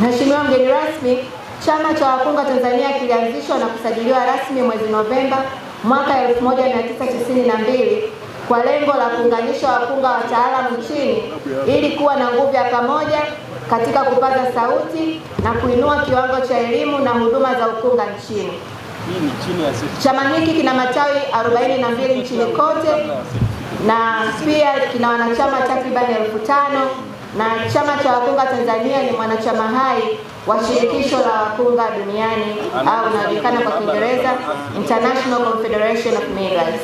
Mheshimiwa mgeni rasmi, Chama cha Wakunga Tanzania kilianzishwa na kusajiliwa rasmi mwezi Novemba mwaka 1992 kwa lengo la kuunganisha wakunga wataalamu nchini ili kuwa na nguvu ya pamoja katika kupaza sauti na kuinua kiwango cha elimu na huduma za ukunga nchini. Chama hiki kina matawi 42 nchini kote na pia kina wanachama takribani elfu tano na chama cha wakunga Tanzania ni mwanachama hai wa shirikisho la wakunga duniani au unajulikana kwa Kiingereza International Confederation of Millers,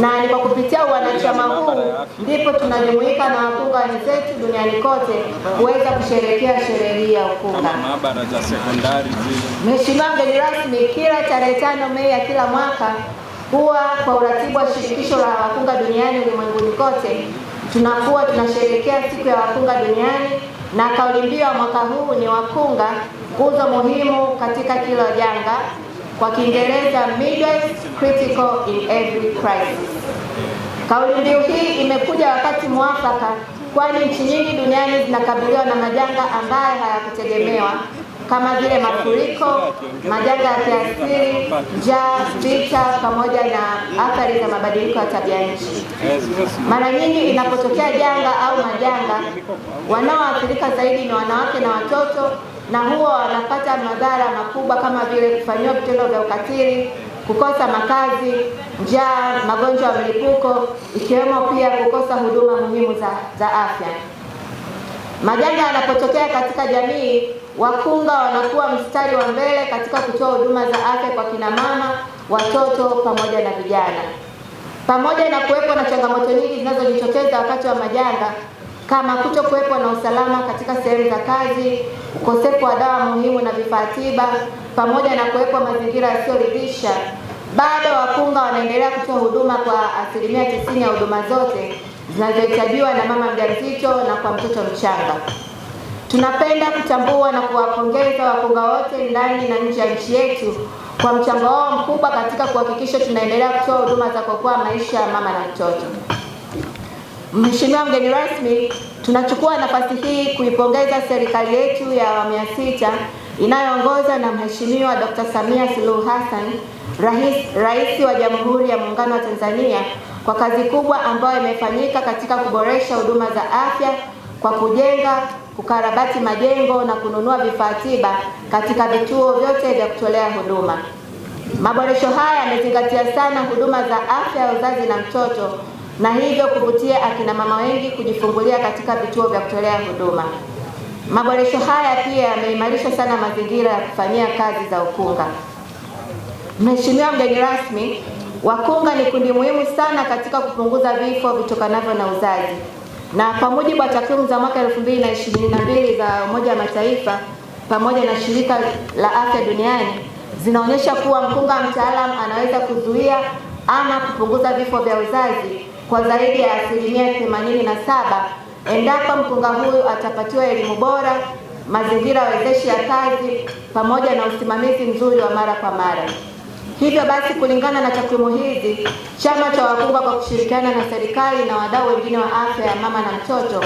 na ni kwa kupitia wanachama huu ndipo tunajumuika na wakunga wenzetu duniani kote kuweza kusherehekea sherehe hii ya ukunga. Mheshimiwa mgeni rasmi, kila tarehe tano Mei ya kila mwaka huwa kwa uratibu wa shirikisho la wakunga duniani ulimwenguni kote tunakuwa tunasherehekea siku ya wakunga duniani, na kauli mbiu ya mwaka huu ni wakunga, nguzo muhimu katika kila janga, kwa Kiingereza midwives critical in every crisis. Kauli mbiu hii imekuja wakati mwafaka, kwani nchi nyingi duniani zinakabiliwa na majanga ambayo hayakutegemewa kama vile mafuriko, majanga ya kiasili, njaa, vita, pamoja na athari za mabadiliko ya tabia nchi. Mara nyingi inapotokea janga au majanga, wanaoathirika zaidi ni wanawake na watoto, na huwa wanapata madhara makubwa kama vile kufanyiwa vitendo vya ukatili, kukosa makazi, njaa, magonjwa ya mlipuko, ikiwemo pia kukosa huduma muhimu za, za afya. Majanga yanapotokea katika jamii, wakunga wanakuwa mstari wa mbele katika kutoa huduma za afya kwa kina mama, watoto pamoja na vijana. Pamoja na kuwepo na changamoto nyingi zinazojitokeza wakati wa majanga kama kuto kuwepo na usalama katika sehemu za kazi, ukosefu wa dawa muhimu na vifaa tiba, pamoja na kuwepo mazingira yasiyoridhisha, bado wakunga wanaendelea kutoa huduma kwa asilimia tisini ya huduma zote zinazohitajiwa na mama mjamzito na kwa mtoto mchanga. Tunapenda kutambua na kuwapongeza wakunga wote ndani na nje ya nchi yetu kwa mchango wao mkubwa katika kuhakikisha tunaendelea kutoa huduma za kuokoa maisha ya mama na mtoto. Mheshimiwa mgeni rasmi, tunachukua nafasi hii kuipongeza serikali yetu ya awamu ya sita inayoongozwa na Mheshimiwa Dr. Samia Suluhu Hassan, Rais, Rais wa Jamhuri ya Muungano wa Tanzania kwa kazi kubwa ambayo imefanyika katika kuboresha huduma za afya kwa kujenga, kukarabati majengo na kununua vifaa tiba katika vituo vyote vya kutolea huduma. Maboresho haya yamezingatia sana huduma za afya ya uzazi na mtoto na hivyo kuvutia akina mama wengi kujifungulia katika vituo vya kutolea huduma. Maboresho haya pia yameimarisha sana mazingira ya kufanyia kazi za ukunga. Mheshimiwa mgeni rasmi, Wakunga ni kundi muhimu sana katika kupunguza vifo vitokanavyo na uzazi, na kwa mujibu wa takwimu za mwaka 2022 za Umoja wa Mataifa pamoja na Shirika la Afya Duniani zinaonyesha kuwa mkunga mtaalamu anaweza kuzuia ama kupunguza vifo vya uzazi kwa zaidi ya asilimia 87 endapo mkunga huyu atapatiwa elimu bora, mazingira wezeshi ya kazi pamoja na usimamizi mzuri wa mara kwa mara. Hivyo basi, kulingana na takwimu hizi, chama cha wafungwa kwa kushirikiana na serikali na wadau wengine wa afya ya mama na mtoto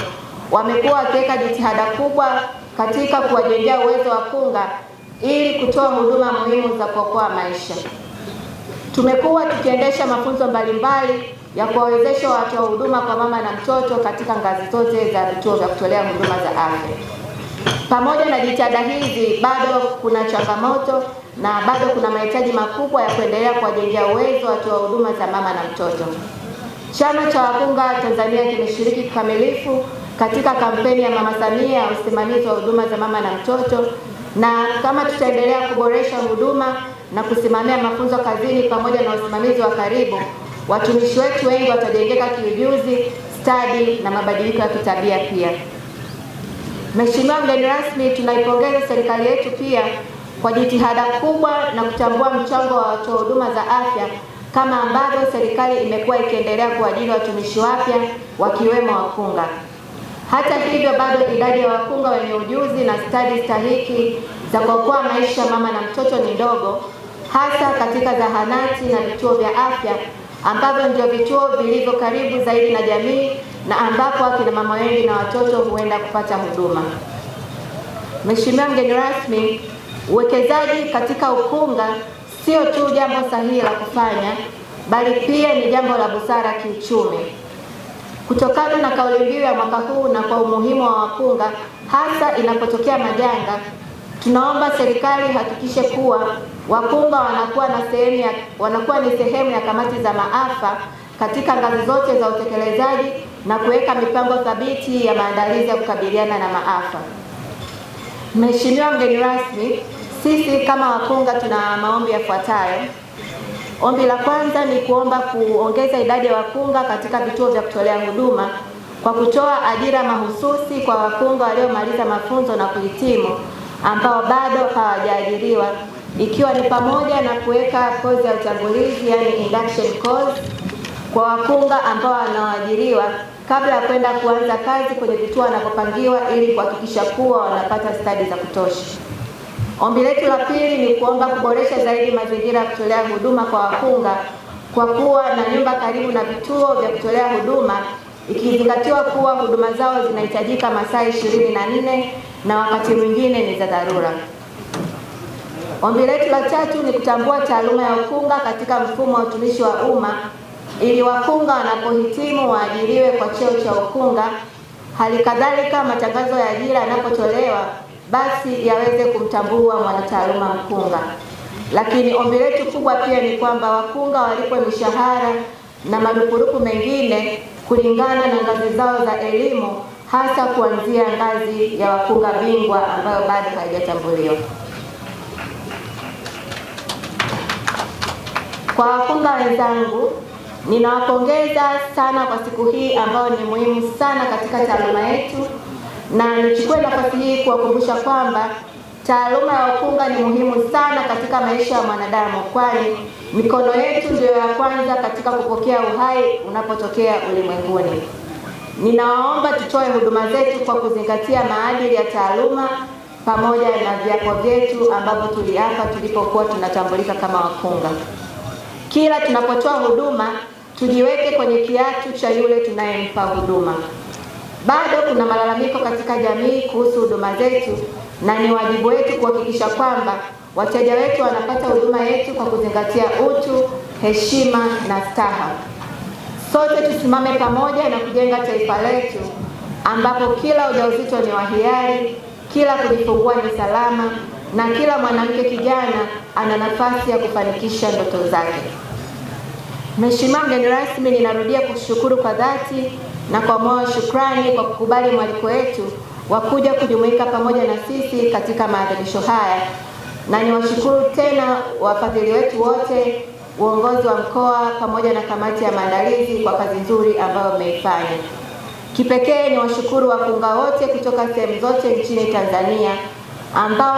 wamekuwa wakiweka jitihada kubwa katika kuwajengea uwezo wafunga ili kutoa huduma muhimu za kuokoa maisha. Tumekuwa tukiendesha mafunzo mbalimbali ya kuwawezesha watoa wa huduma kwa mama na mtoto katika ngazi zote za vituo vya kutolea huduma za afya. Pamoja na jitihada hizi, bado kuna changamoto na bado kuna mahitaji makubwa ya kuendelea kuwajengea uwezo watoa huduma za mama na mtoto. Chama cha Wakunga Tanzania kimeshiriki kikamilifu katika kampeni ya Mama Samia ya usimamizi wa huduma za mama na mtoto, na kama tutaendelea kuboresha huduma na kusimamia mafunzo kazini pamoja na usimamizi wa karibu, watumishi wetu wengi watajengeka kiujuzi, stadi na mabadiliko ya kitabia. Pia Mheshimiwa mgeni rasmi, tunaipongeza serikali yetu pia kwa jitihada kubwa na kutambua mchango wa watoa huduma za afya kama ambavyo serikali imekuwa ikiendelea kuajiri watumishi wapya wakiwemo wakunga. Hata hivyo, bado idadi ya wakunga wenye ujuzi na stadi stahiki za kuokoa maisha mama na mtoto ni ndogo, hasa katika zahanati na vituo vya afya ambavyo ndio vituo vilivyo karibu zaidi na jamii na ambapo akina mama wengi na watoto huenda kupata huduma. Mheshimiwa mgeni rasmi Uwekezaji katika ukunga sio tu jambo sahihi la kufanya, bali pia ni jambo la busara kiuchumi. Kutokana na kauli mbiu ya mwaka huu na kwa umuhimu wa wakunga, hasa inapotokea majanga, tunaomba serikali ihakikishe kuwa wakunga wanakuwa na sehemu ya, wanakuwa ni sehemu ya kamati za maafa katika ngazi zote za utekelezaji na kuweka mipango thabiti ya maandalizi ya kukabiliana na maafa. Mheshimiwa mgeni rasmi, sisi kama wakunga tuna maombi yafuatayo. Ombi la kwanza ni kuomba kuongeza idadi ya wakunga katika vituo vya kutolea huduma kwa kutoa ajira mahususi kwa wakunga waliomaliza mafunzo na kuhitimu ambao bado hawajaajiriwa, ikiwa ni pamoja na kuweka kozi ya utangulizi, yani induction course, kwa wakunga ambao wanaoajiriwa kabla ya kwenda kuanza kazi kwenye vituo wanapopangiwa ili kuhakikisha kuwa wanapata stadi za kutosha. Ombi letu la pili ni kuomba kuboresha zaidi mazingira ya kutolea huduma kwa wakunga kwa kuwa na nyumba karibu na vituo vya kutolea huduma ikizingatiwa kuwa huduma zao zinahitajika masaa ishirini na nne na wakati mwingine ni za dharura. Ombi letu la tatu ni kutambua taaluma ya ukunga katika mfumo wa utumishi wa umma ili wakunga wanapohitimu waajiriwe kwa cheo cha ukunga. Hali kadhalika matangazo ya ajira yanapotolewa basi yaweze kumtambua mwanataaluma mkunga. Lakini ombi letu kubwa pia ni kwamba wakunga walipwe mishahara na marupurupu mengine kulingana na ngazi zao za elimu, hasa kuanzia ngazi ya wakunga bingwa ambayo bado haijatambuliwa. Kwa wakunga wenzangu Ninawapongeza sana kwa siku hii ambayo ni muhimu sana katika taaluma yetu, na nichukue nafasi hii kuwakumbusha kwamba taaluma ya ukunga ni muhimu sana katika maisha ya mwanadamu, kwani mikono yetu ndiyo ya kwanza katika kupokea uhai unapotokea ulimwenguni. Ninawaomba tutoe huduma zetu kwa kuzingatia maadili ya taaluma pamoja na viapo vyetu ambavyo tuliapa tulipokuwa tunatambulika kama wakunga. Kila tunapotoa huduma tujiweke kwenye kiatu cha yule tunayempa huduma. Bado kuna malalamiko katika jamii kuhusu huduma zetu, na ni wajibu wetu kuhakikisha kwamba wateja wetu wanapata huduma yetu kwa kuzingatia utu, heshima na staha. Sote tusimame pamoja na kujenga taifa letu ambapo kila ujauzito ni wa hiari, kila kujifungua ni salama na kila mwanamke kijana ana nafasi ya kufanikisha ndoto zake. Mheshimiwa mgeni rasmi, ninarudia kushukuru kwa dhati na kwa moyo shukrani kwa kukubali mwaliko wetu wa kuja kujumuika pamoja na sisi katika maadhimisho haya, na niwashukuru tena wafadhili wetu wote, uongozi wa mkoa pamoja na kamati ya maandalizi kwa kazi nzuri ambayo mmeifanya. Kipekee niwashukuru wakunga wote kutoka sehemu zote nchini Tanzania ambao